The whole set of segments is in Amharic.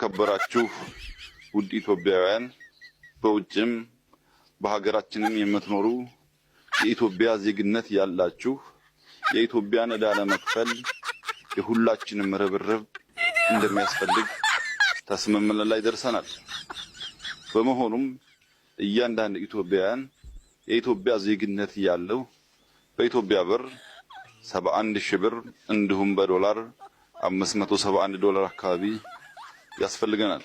የተከበራችሁ ውድ ኢትዮጵያውያን በውጭም በሀገራችንም የምትኖሩ የኢትዮጵያ ዜግነት ያላችሁ የኢትዮጵያን ዕዳ ለመክፈል የሁላችንም ርብርብ እንደሚያስፈልግ ስምምነት ላይ ደርሰናል። በመሆኑም እያንዳንድ ኢትዮጵያውያን የኢትዮጵያ ዜግነት ያለው በኢትዮጵያ ብር 71 ሺህ ብር እንዲሁም በዶላር 571 ዶላር አካባቢ ያስፈልገናል።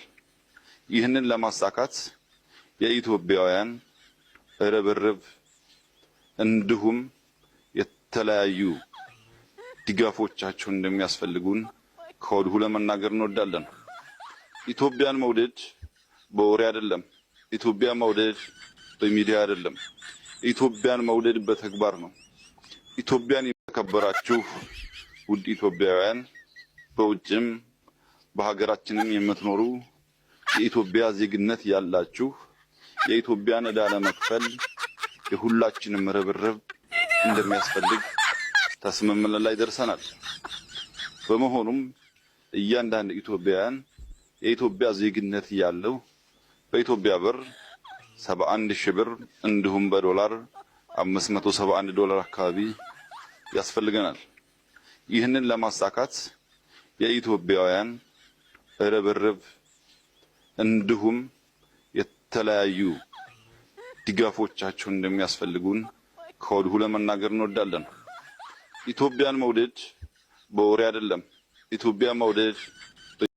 ይህንን ለማሳካት የኢትዮጵያውያን እርብርብ እንዲሁም የተለያዩ ድጋፎቻችሁን እንደሚያስፈልጉን ከወዲሁ ለመናገር እንወዳለን። ኢትዮጵያን መውደድ በወሬ አይደለም። ኢትዮጵያ መውደድ በሚዲያ አይደለም። ኢትዮጵያን መውደድ በተግባር ነው። ኢትዮጵያን የተከበራችሁ ውድ ኢትዮጵያውያን በውጭም በሀገራችንም የምትኖሩ የኢትዮጵያ ዜግነት ያላችሁ የኢትዮጵያን ዕዳ ለመክፈል የሁላችንም ርብርብ እንደሚያስፈልግ ስምምነት ላይ ደርሰናል። በመሆኑም እያንዳንድ ኢትዮጵያውያን የኢትዮጵያ ዜግነት ያለው በኢትዮጵያ ብር 71 ሺህ ብር እንዲሁም በዶላር 571 ዶላር አካባቢ ያስፈልገናል። ይህንን ለማሳካት የኢትዮጵያውያን እርብርብ እንዲሁም የተለያዩ ድጋፎቻቸው እንደሚያስፈልጉን ከወዲሁ ለመናገር እንወዳለን። ኢትዮጵያን መውደድ በወሬ አይደለም። ኢትዮጵያ መውደድ